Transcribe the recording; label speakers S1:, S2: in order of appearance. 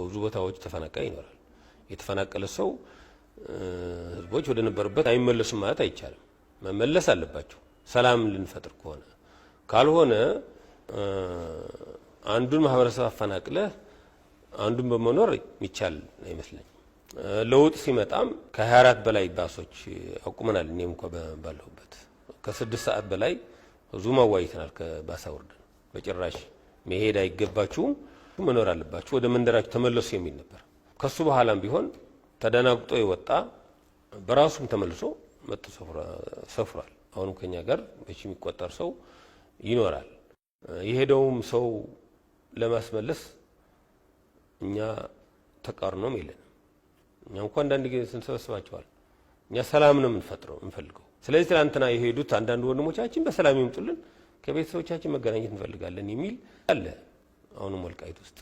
S1: በብዙ ቦታዎች ተፈናቃይ ይኖራል። የተፈናቀለ ሰው ህዝቦች ወደ ነበሩበት አይመለሱም ማለት አይቻልም። መመለስ አለባቸው ሰላም ልንፈጥር ከሆነ። ካልሆነ አንዱን ማህበረሰብ አፈናቅለህ አንዱን በመኖር የሚቻል አይመስለኝም። ለውጥ ሲመጣም ከ24 በላይ ባሶች አቁመናል። እኔም እንኳ ባለሁበት ከስድስት ሰዓት በላይ ብዙ ማዋይተናል። ከባሳ ወርደን በጭራሽ መሄድ አይገባችሁም ሁላችሁ መኖር አለባችሁ፣ ወደ መንደራችሁ ተመለሱ የሚል ነበር። ከሱ በኋላም ቢሆን ተደናግጦ የወጣ በራሱም ተመልሶ መጥቶ ሰፍሯል። አሁንም ከኛ ጋር በሺ የሚቆጠር ሰው ይኖራል። የሄደውም ሰው ለማስመለስ እኛ ተቃርኖም የለንም። እኛ እንኳ አንዳንድ ጊዜ ስንሰበስባቸዋል። እኛ ሰላም ነው የምንፈጥረው የምንፈልገው። ስለዚህ ትናንትና የሄዱት አንዳንድ ወንድሞቻችን በሰላም ይምጡልን፣ ከቤተሰቦቻችን መገናኘት እንፈልጋለን የሚል አለ። አሁንም ወልቃይት ውስጥ